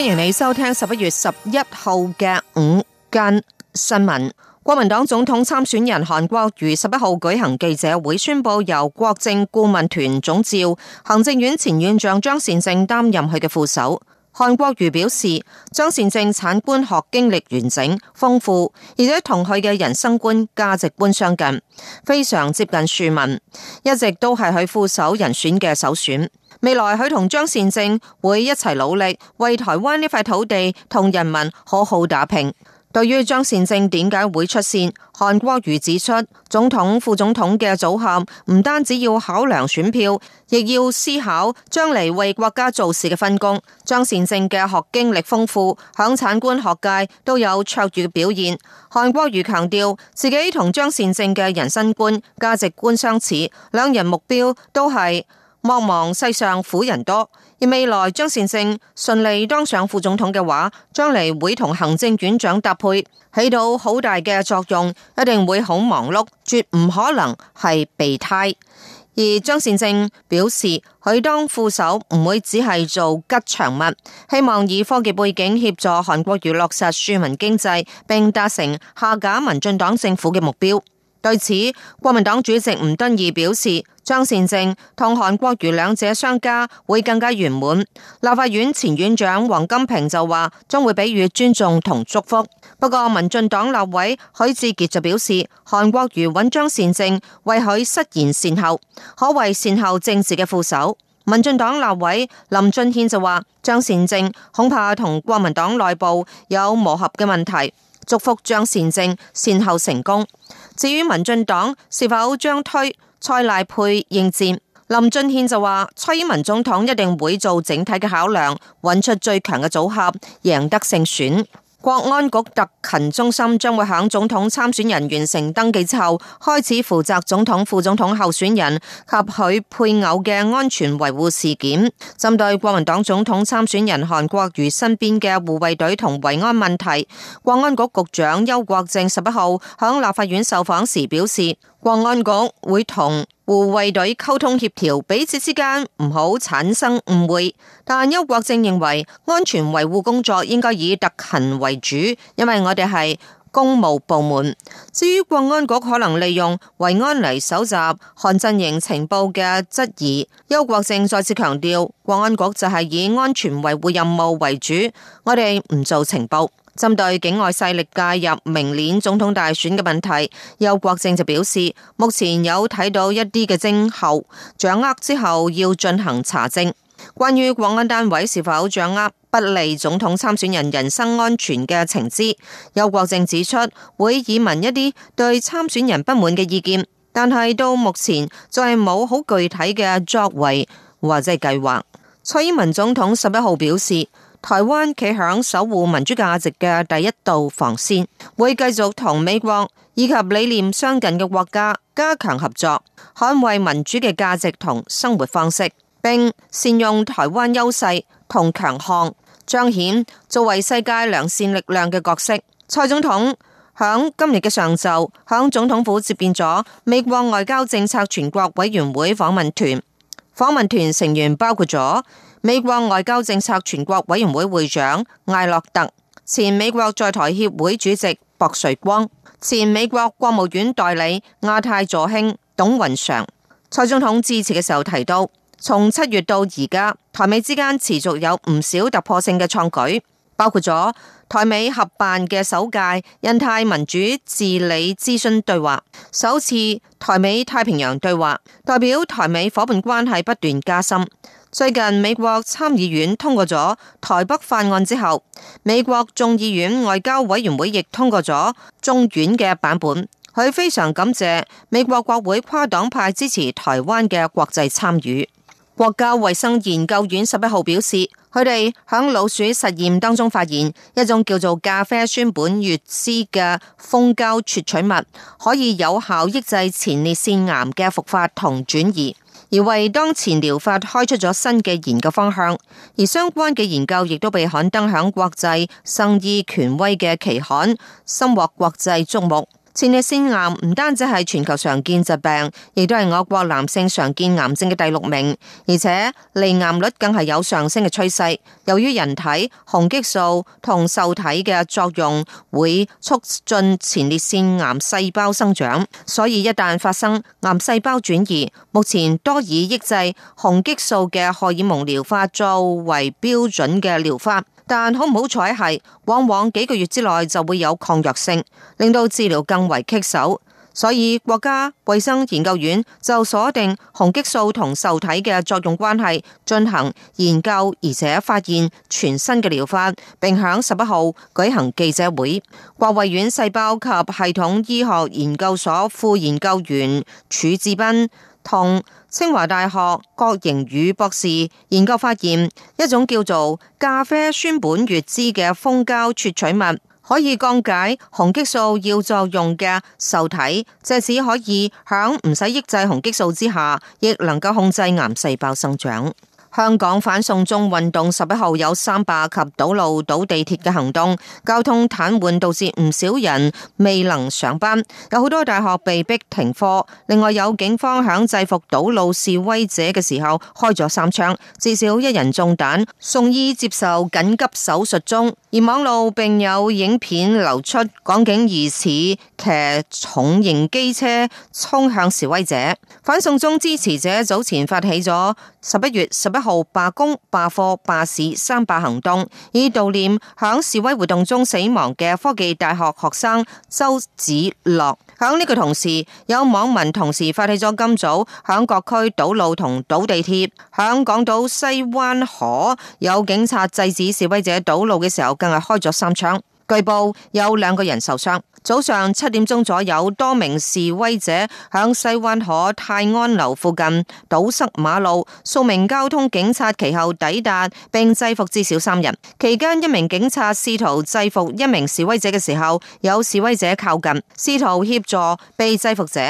歡迎你收聽十一月十一號嘅午間新聞。國民黨總統參選人韓國瑜十一號舉行記者會，宣布由國政顧問團總召、行政院前院長張善政擔任佢嘅副手。韓國瑜表示，張善政產官學經歷完整豐富，而且同佢嘅人生觀、價值觀相近，非常接近庶民，一直都係佢副手人選嘅首選。未來佢同張善政會一齊努力，為台灣呢塊土地同人民好好打拼。對於張善政點解會出線，韓國瑜指出，總統副總統嘅組合唔單止要考量選票，亦要思考將嚟為國家做事嘅分工。張善政嘅學經歷豐富，響產官學界都有卓越嘅表現。韓國瑜強調，自己同張善政嘅人生觀、價值觀相似，兩人目標都係。莫忘世上苦人多，而未來張善政順利當上副總統嘅話，將嚟會同行政院長搭配起到好大嘅作用，一定會好忙碌，絕唔可能係備胎。而張善政表示，佢當副手唔會只係做吉祥物，希望以科技背景協助韓國瑜落實庶民經濟，並達成下架民進黨政府嘅目標。對此，國民黨主席吳敦義表示，張善政同韓國瑜兩者相加會更加圓滿。立法院前院長王金平就話將會畀予尊重同祝福。不過，民進黨立委許智傑就表示，韓國瑜揾張善政為佢失言善後，可為善後政治嘅副手。民進黨立委林俊憲就話張善政恐怕同國民黨內部有磨合嘅問題，祝福張善政善後成功。至於民進黨是否將推蔡賴配應戰，林俊憲就話：蔡英文總統一定會做整體嘅考量，揾出最強嘅組合，贏得勝選。國安局特勤中心將會喺總統參選人完成登記之後，開始負責總統、副總統候選人及佢配偶嘅安全維護事件。針對國民黨總統參選人韓國瑜身邊嘅護衛隊同維安問題，國安局局長邱國正十一號喺立法院受訪時表示。國安局會同護衛隊溝通協調，彼此之間唔好產生誤會。但邱國正認為，安全維護工作應該以特勤為主，因為我哋係公務部門。至於國安局可能利用維安嚟搜集韓陣營情報嘅質疑，邱國正再次強調，國安局就係以安全維護任務為主，我哋唔做情報。針對境外勢力介入明年總統大選嘅問題，邱國正就表示，目前有睇到一啲嘅徵候，掌握之後要進行查證。關於國安單位是否掌握不利總統參選人人身安全嘅情資，邱國正指出，會以問一啲對參選人不滿嘅意見，但係到目前仲係冇好具體嘅作為或者係計劃。蔡英文總統十一號表示。台灣企喺守護民主價值嘅第一道防線，會繼續同美國以及理念相近嘅國家加強合作，捍衛民主嘅價值同生活方式，並善用台灣優勢同強項，彰顯作為世界良善力量嘅角色。蔡總統響今日嘅上晝響總統府接見咗美國外交政策全國委員會訪問團。訪問團成員包括咗美國外交政策全國委員會會長艾洛特、前美國在台協會主席薄瑞光、前美國國務院代理亞太助卿董雲祥。蔡總統致辭嘅時候提到，從七月到而家，台美之間持續有唔少突破性嘅創舉。包括咗台美合辦嘅首屆印太民主治理諮詢對話，首次台美太平洋對話，代表台美伙伴關係不斷加深。最近美國參議院通過咗台北法案之後，美國眾議院外交委員會亦通過咗眾院嘅版本。佢非常感謝美國國會跨黨派支持台灣嘅國際參與。國家衛生研究院十一號表示，佢哋響老鼠實驗當中發現一種叫做咖啡酸苯乙酯嘅蜂膠萃取物，可以有效抑制前列腺癌嘅復發同轉移，而為當前療法開出咗新嘅研究方向。而相關嘅研究亦都被刊登響國際生醫權威嘅期刊，深獲國際矚目。前列腺癌唔單止係全球常見疾病，亦都係我國男性常見癌症嘅第六名，而且罹癌率更係有上升嘅趨勢。由於人體雄激素同受體嘅作用會促進前列腺癌細胞生長，所以一旦發生癌細胞轉移，目前多以抑制雄激素嘅荷爾蒙療法作為標準嘅療法。但好唔好彩係，往往幾個月之內就會有抗藥性，令到治療更為棘手。所以國家衛生研究院就鎖定雄激素同受體嘅作用關係進行研究，而且發現全新嘅療法，並響十一號舉行記者會。國衛院細胞及系統醫學研究所副研究員儲志斌。同清華大學郭盈宇博士研究發現，一種叫做咖啡酸苯乙酯嘅蜂膠萃取物，可以降解雄激素要作用嘅受體，借此可以響唔使抑制雄激素之下，亦能夠控制癌細胞生長。香港反送中運動十一號有三罷及堵路堵地鐵嘅行動，交通癱瘓，導致唔少人未能上班，有好多大學被逼停課。另外有警方響制服堵路示威者嘅時候開咗三槍，至少一人中彈，送醫接受緊急手術中。而網路並有影片流出，港警疑似騎重型機車衝向示威者。反送中支持者早前發起咗十一月十一號罷工、罷課、罷市三罷行動，以悼念響示威活動中死亡嘅科技大學學生周梓樂。響呢個同時，有網民同時發起咗今早響各區堵路同堵地鐵。響港島西灣河，有警察制止示威者堵路嘅時候更，更係開咗三槍，據報有兩個人受傷。早上七點鐘左右，多名示威者響西灣河泰安樓附近堵塞馬路，數名交通警察其後抵達並制服至少三人。期間，一名警察試圖制服一名示威者嘅時候，有示威者靠近，試圖協助被制服者。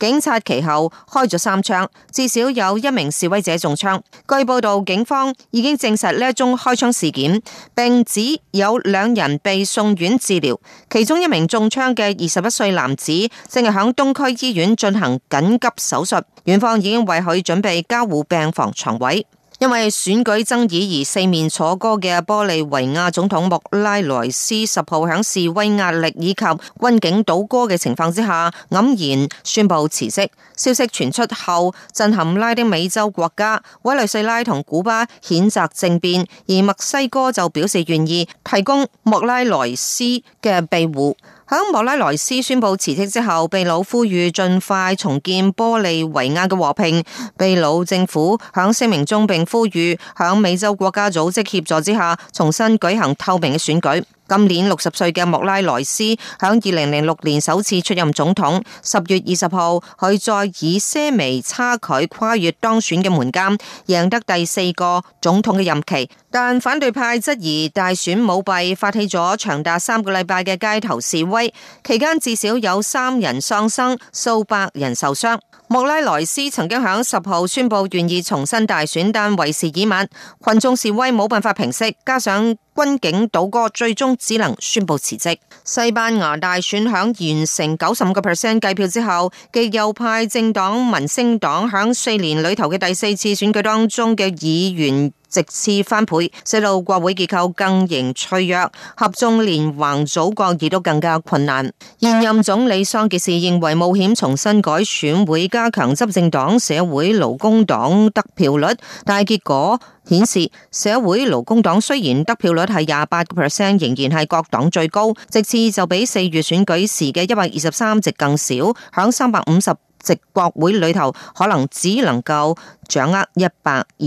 警察其後開咗三槍，至少有一名示威者中槍。據報道，警方已經證實呢一宗開槍事件，並指有兩人被送院治療，其中一名中槍嘅二十一歲男子正係響東區醫院進行緊急手術，院方已經為佢準備加護病房床位。因為選舉爭議而四面楚歌嘅玻利維亞總統莫拉萊斯十號喺示威壓力以及軍警倒戈嘅情況之下，黯然宣布辭職。消息傳出後，震撼拉丁美洲國家委內瑞拉同古巴譴責政變，而墨西哥就表示願意提供莫拉萊斯嘅庇護。喺莫拉萊斯宣布辭職之後，秘魯呼籲盡快重建玻利維亞嘅和平。秘魯政府喺聲明中並呼籲喺美洲國家組織協助之下，重新舉行透明嘅選舉。今年六十歲嘅莫拉萊斯響二零零六年首次出任總統，十月二十號佢再以些微差距跨越當選嘅門檻，贏得第四個總統嘅任期。但反對派質疑大選舞弊，發起咗長達三個禮拜嘅街頭示威，期間至少有三人喪生，數百人受傷。莫拉萊斯曾經響十號宣布願意重新大選，但為時已晚，群眾示威冇辦法平息，加上。軍警倒戈，最終只能宣布辭職。西班牙大選響完成九十五個 percent 計票之後，極右派政黨、民聲黨響四年裏頭嘅第四次選舉當中嘅議員。直次翻倍，使到國會結構更形脆弱，合眾連橫組閣亦都更加困難。現任總理桑傑士認為冒險重新改選會加強執政黨社會勞工黨得票率，但係結果顯示社會勞工黨雖然得票率係廿八個 percent，仍然係各黨最高，直次就比四月選舉時嘅一百二十三席更少，響三百五十席國會裏頭，可能只能夠掌握一百二。